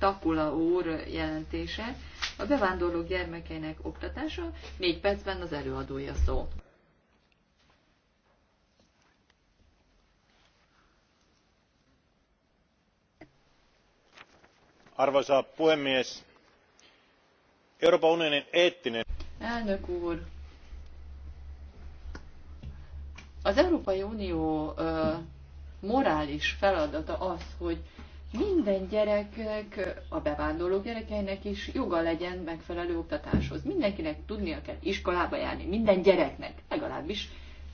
Takula úr jelentése, a bevándorlók gyermekeinek oktatása, négy percben az előadója szó. Arvoisa puhemies, Euroopan unionin eettinen... Elnök úr, az Európai Unió ö, morális feladata az, hogy minden gyereknek, a bevándorló gyerekeinek is joga legyen megfelelő oktatáshoz. Mindenkinek tudnia kell iskolába járni, minden gyereknek, legalábbis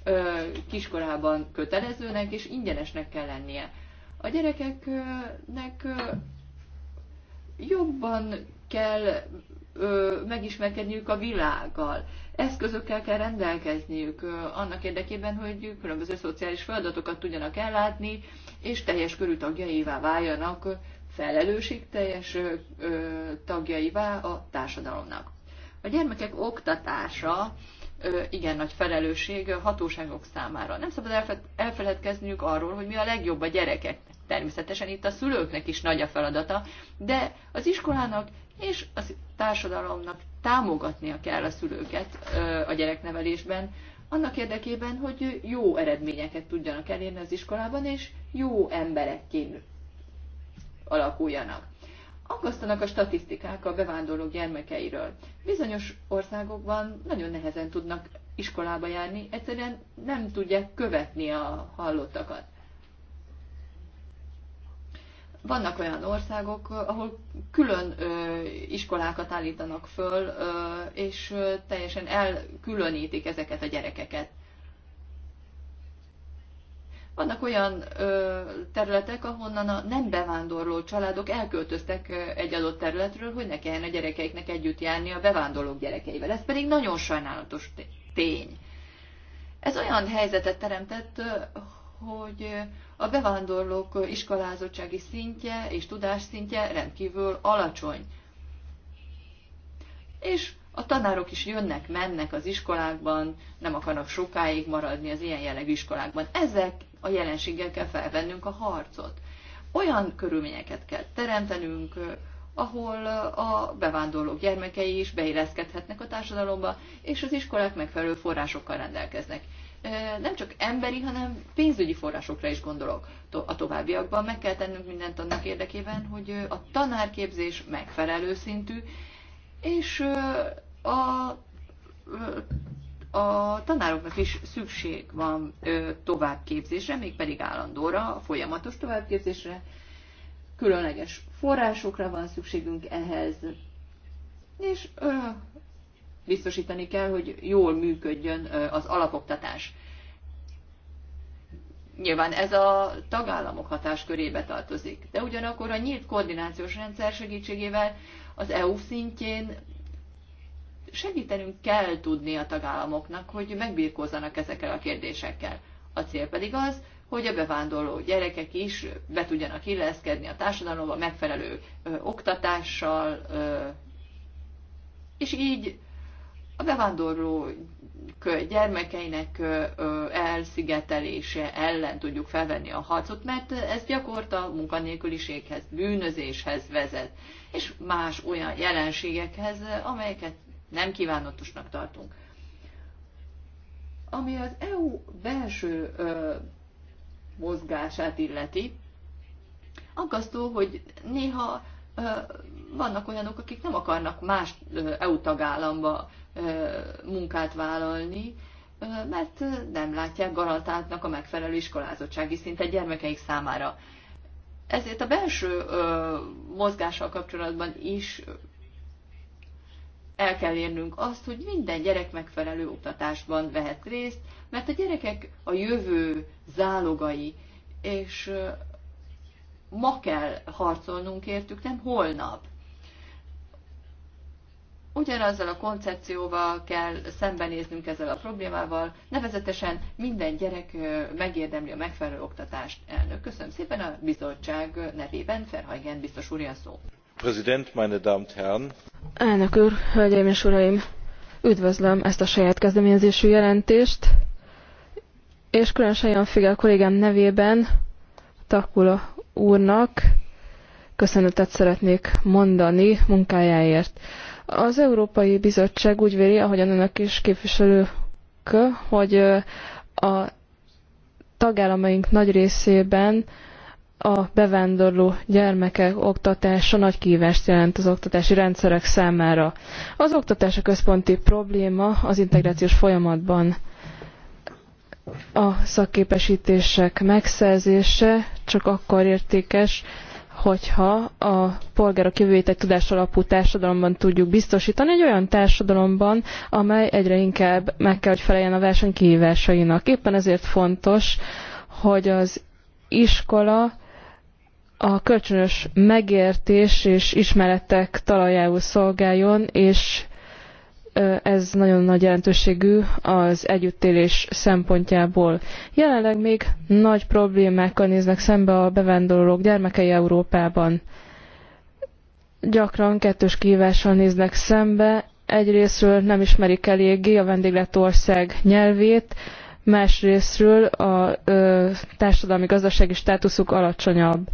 ö, kiskorában kötelezőnek és ingyenesnek kell lennie. A gyerekeknek jobban kell ö, megismerkedniük a világgal. Eszközökkel kell rendelkezniük ö, annak érdekében, hogy különböző szociális feladatokat tudjanak ellátni, és teljes körű tagjaivá váljanak, felelősségteljes teljes tagjaivá a társadalomnak. A gyermekek oktatása ö, igen nagy felelősség hatóságok számára. Nem szabad elfe- elfeledkezniük arról, hogy mi a legjobb a gyerekeknek. Természetesen itt a szülőknek is nagy a feladata, de az iskolának és a társadalomnak támogatnia kell a szülőket a gyereknevelésben, annak érdekében, hogy jó eredményeket tudjanak elérni az iskolában, és jó emberekként alakuljanak. Aggasztanak a statisztikák a bevándorlók gyermekeiről. Bizonyos országokban nagyon nehezen tudnak iskolába járni, egyszerűen nem tudják követni a hallottakat. Vannak olyan országok, ahol külön iskolákat állítanak föl, és teljesen elkülönítik ezeket a gyerekeket. Vannak olyan ö, területek, ahonnan a nem bevándorló családok elköltöztek egy adott területről, hogy ne kelljen a gyerekeiknek együtt járni a bevándorlók gyerekeivel. Ez pedig nagyon sajnálatos tény. Ez olyan helyzetet teremtett, hogy a bevándorlók iskolázottsági szintje és tudásszintje rendkívül alacsony. És a tanárok is jönnek, mennek az iskolákban, nem akarnak sokáig maradni az ilyen jellegű iskolákban. Ezek a jelenséggel kell felvennünk a harcot. Olyan körülményeket kell teremtenünk, ahol a bevándorlók gyermekei is beilleszkedhetnek a társadalomba, és az iskolák megfelelő forrásokkal rendelkeznek. Nem csak emberi, hanem pénzügyi forrásokra is gondolok. A továbbiakban meg kell tennünk mindent annak érdekében, hogy a tanárképzés megfelelő szintű, és a, a tanároknak is szükség van továbbképzésre, mégpedig állandóra, folyamatos továbbképzésre, különleges forrásokra van szükségünk ehhez, és ö, biztosítani kell, hogy jól működjön ö, az alapoktatás. Nyilván ez a tagállamok hatáskörébe tartozik, de ugyanakkor a nyílt koordinációs rendszer segítségével az EU szintjén segítenünk kell tudni a tagállamoknak, hogy megbírkozzanak ezekkel a kérdésekkel. A cél pedig az, hogy a bevándorló gyerekek is be tudjanak illeszkedni a társadalomba megfelelő ö, oktatással, ö, és így a bevándorló gyermekeinek elszigetelése ellen tudjuk felvenni a harcot, mert ez gyakorta munkanélküliséghez, bűnözéshez vezet, és más olyan jelenségekhez, amelyeket nem kívánatosnak tartunk. Ami az EU belső mozgását illeti. Aggasztó, hogy néha vannak olyanok, akik nem akarnak más EU tagállamba munkát vállalni, mert nem látják garantáltnak a megfelelő iskolázottsági szinte gyermekeik számára. Ezért a belső mozgással kapcsolatban is el kell érnünk azt, hogy minden gyerek megfelelő oktatásban vehet részt, mert a gyerekek a jövő zálogai, és ma kell harcolnunk értük, nem holnap. Ugyanazzal a koncepcióval kell szembenéznünk ezzel a problémával, nevezetesen minden gyerek megérdemli a megfelelő oktatást. Elnök, köszönöm szépen a bizottság nevében, Ferhajgen biztos úr szó. Elnök úr, hölgyeim és uraim! Üdvözlöm ezt a saját kezdeményezésű jelentést, és különösen Jan Figel kollégám nevében takkula úrnak köszönetet szeretnék mondani munkájáért. Az Európai Bizottság úgy véli, ahogyan önök is képviselők, hogy a tagállamaink nagy részében a bevándorló gyermekek oktatása nagy kívást jelent az oktatási rendszerek számára. Az oktatás a központi probléma az integrációs folyamatban. A szakképesítések megszerzése csak akkor értékes, hogyha a polgárok jövőjét egy alapú társadalomban tudjuk biztosítani, egy olyan társadalomban, amely egyre inkább meg kell, hogy feleljen a verseny kihívásainak. Éppen ezért fontos, hogy az iskola a kölcsönös megértés és ismeretek talajául szolgáljon, és ez nagyon nagy jelentőségű az együttélés szempontjából. Jelenleg még nagy problémákkal néznek szembe a bevándorlók gyermekei Európában. Gyakran kettős kihívással néznek szembe, egyrésztről nem ismerik eléggé a vendégletország nyelvét, másrésztről a ö, társadalmi gazdasági státuszuk alacsonyabb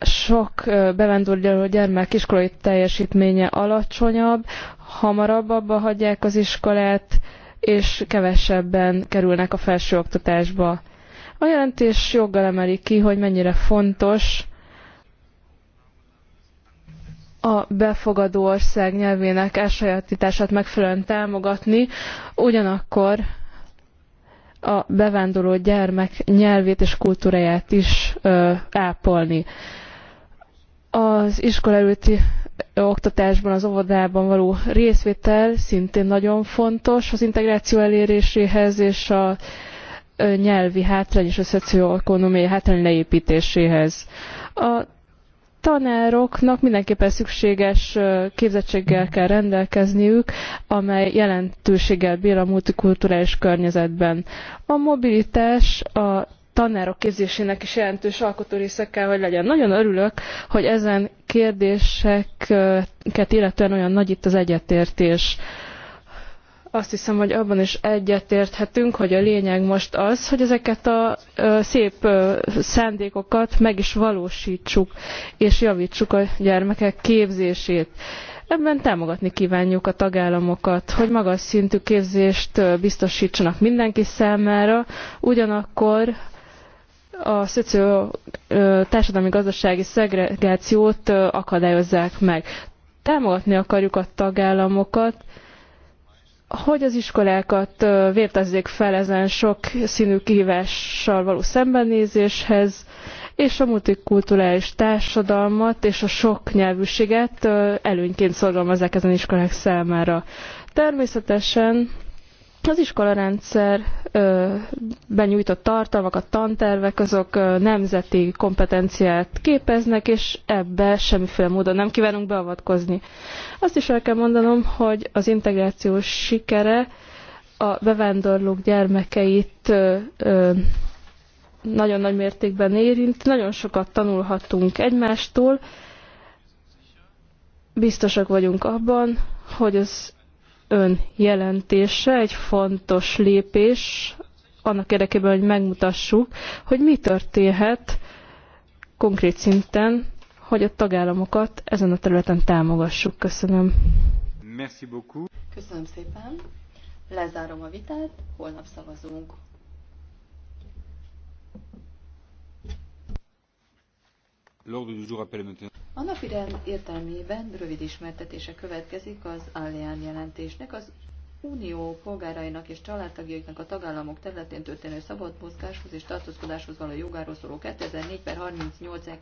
sok bevándorló gyermek iskolai teljesítménye alacsonyabb, hamarabb abba hagyják az iskolát, és kevesebben kerülnek a felsőoktatásba. A jelentés joggal emeli ki, hogy mennyire fontos a befogadó ország nyelvének elsajátítását megfelelően támogatni, ugyanakkor a bevándorló gyermek nyelvét és kultúráját is ápolni. Az iskola előtti oktatásban, az óvodában való részvétel szintén nagyon fontos az integráció eléréséhez és a nyelvi hátrány és a szocioekonomiai hátrány leépítéséhez. A tanároknak mindenképpen szükséges képzettséggel kell rendelkezniük, amely jelentőséggel bír a multikulturális környezetben. A mobilitás a tanárok képzésének is jelentős alkotórésze kell, hogy legyen. Nagyon örülök, hogy ezen kérdéseket illetően olyan nagy itt az egyetértés. Azt hiszem, hogy abban is egyetérthetünk, hogy a lényeg most az, hogy ezeket a szép szándékokat meg is valósítsuk, és javítsuk a gyermekek képzését. Ebben támogatni kívánjuk a tagállamokat, hogy magas szintű képzést biztosítsanak mindenki számára, ugyanakkor a szoció társadalmi gazdasági szegregációt akadályozzák meg. Támogatni akarjuk a tagállamokat, hogy az iskolákat vértezzék fel ezen sok színű kihívással való szembenézéshez, és a multikulturális társadalmat és a sok nyelvűséget előnyként szorgalmazzák ezen iskolák számára. Természetesen az iskolarendszer benyújtott tartalmak, a tantervek, azok nemzeti kompetenciát képeznek, és ebbe semmiféle módon nem kívánunk beavatkozni. Azt is el kell mondanom, hogy az integráció sikere a bevándorlók gyermekeit nagyon nagy mértékben érint, nagyon sokat tanulhatunk egymástól, biztosak vagyunk abban, hogy az ön jelentése egy fontos lépés annak érdekében, hogy megmutassuk, hogy mi történhet konkrét szinten, hogy a tagállamokat ezen a területen támogassuk. Köszönöm. Merci beaucoup. Köszönöm szépen. Lezárom a vitát, holnap szavazunk. A napirend értelmében rövid ismertetése következik az Allian jelentésnek az Unió polgárainak és családtagjaiknak a tagállamok területén történő szabad mozgáshoz és tartózkodáshoz való jogáról szóló 2004 per 38